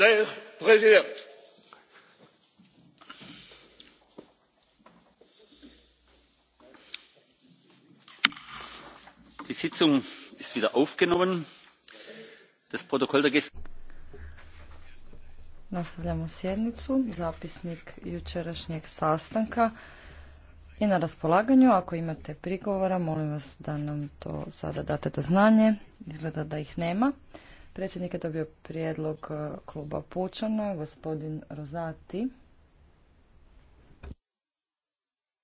der präsident! die sitzung wieder aufgenommen. das protokoll der nastavljamo sjednicu zapisnik jučerašnjeg sastanka je na raspolaganju ako imate prigovora molim vas da nam to sada date do znanja izgleda da ih nema. Predsjednik je dobio prijedlog e, kluba Pučana, gospodin Rozati.